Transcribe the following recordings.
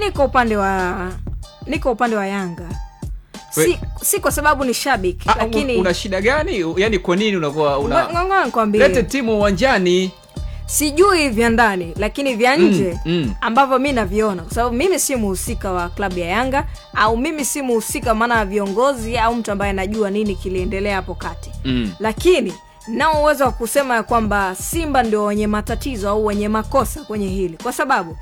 Niko upande wa niko upande wa Yanga si, we... si kwa sababu ni shabiki ah, lakini una shida gani? Yani kwa nini unakuwa una... lete timu uwanjani sijui vya ndani lakini vya mm, nje mm, mm. ambavyo mi naviona, kwa sababu mimi si muhusika wa klabu ya Yanga au mimi si muhusika maana viongozi au mtu ambaye anajua nini kiliendelea hapo kati mm. lakini nao uwezo wa kusema ya kwamba Simba ndio wenye matatizo au wenye makosa kwenye hili, kwa sababu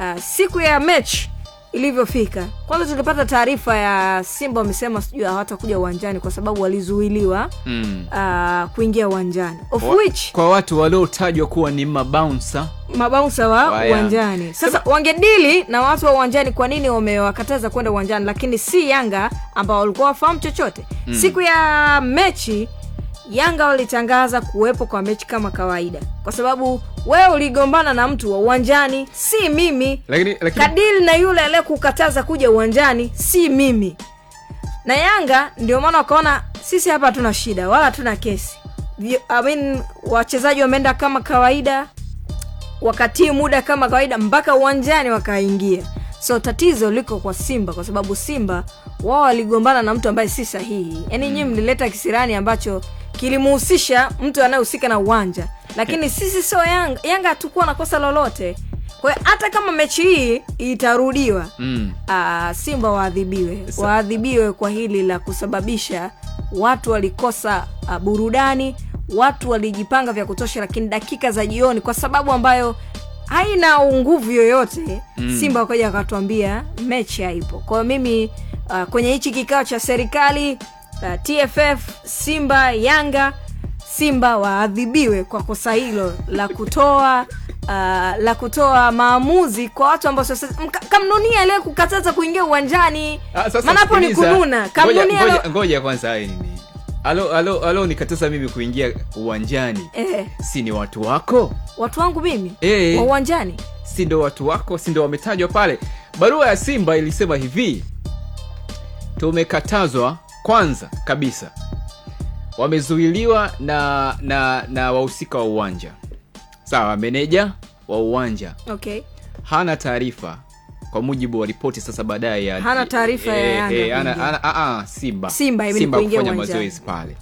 uh, siku ya mechi ilivyofika, kwanza tulipata taarifa ya Simba wamesema sijui hawatakuja uwanjani kwa sababu walizuiliwa mm. uh, kuingia uwanjani of wa, which kwa watu waliotajwa kuwa ni mabaunsa mabaunsa wa uwanjani. Sasa wangedili na watu wa uwanjani, kwa nini wamewakataza kwenda uwanjani? Lakini si Yanga ambao walikuwa wafahamu chochote mm. siku ya mechi Yanga walitangaza kuwepo kwa mechi kama kawaida, kwa sababu wewe uligombana na mtu wa uwanjani, si mimi. Lakini, lakini... kadili na yule aliyekukataza kuja uwanjani, si mimi na Yanga. Ndio maana wakaona sisi hapa hatuna shida wala hatuna kesi. I mean, wachezaji wameenda kama kawaida, wakatii muda kama kawaida mpaka uwanjani wakaingia. So tatizo liko kwa Simba kwa sababu Simba wao waligombana na mtu ambaye si sahihi. Yaani mm. nyinyi mlileta kisirani ambacho kilimhusisha mtu anayehusika na uwanja, lakini sisi sio Yanga. Yanga hatukuwa na kosa lolote. Kwa hata kama mechi hii itarudiwa mm. aa, ah, Simba waadhibiwe, waadhibiwe kwa hili la kusababisha watu walikosa uh, burudani. Watu walijipanga vya kutosha, lakini dakika za jioni, kwa sababu ambayo haina nguvu yoyote mm. Simba akaja akatuambia mechi haipo. kwao mimi uh, kwenye hichi kikao cha serikali uh, TFF Simba Yanga, Simba waadhibiwe kwa kosa hilo la kutoa Uh, la kutoa maamuzi kwa watu ambao kamnunia ile kukataza kuingia uwanjani, ah, manapo ni kununa. Kamnunia ngoja kwanza, haya Alo, alo, alo nikataza mimi kuingia uwanjani eh? Si ni watu wako? Watu wangu mimi eh? Wa uwanjani si ndo watu wako, si ndo wametajwa pale. Barua ya Simba ilisema hivi: tumekatazwa. Kwanza kabisa wamezuiliwa na na na wahusika wa uwanja, sawa, meneja wa uwanja okay. Hana taarifa kwa mujibu wa ripoti sasa baadaye ya hana taarifa ya e, ana, a, a, ah, ah, Simba Simba, Simba kufanya mazoezi pale.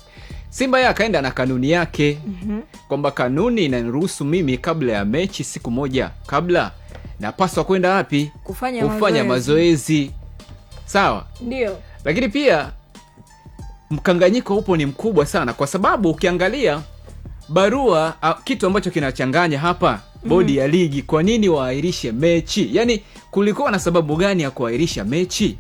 Simba yeye akaenda na kanuni yake mm -hmm. kwamba kanuni inaniruhusu mimi kabla ya mechi siku moja kabla napaswa kwenda wapi kufanya, kufanya mazoezi sawa, ndio. Lakini pia mkanganyiko upo ni mkubwa sana, kwa sababu ukiangalia barua, ah, kitu ambacho kinachanganya hapa bodi ya ligi, kwa nini waahirishe mechi? yani kulikuwa na sababu gani ya kuahirisha mechi?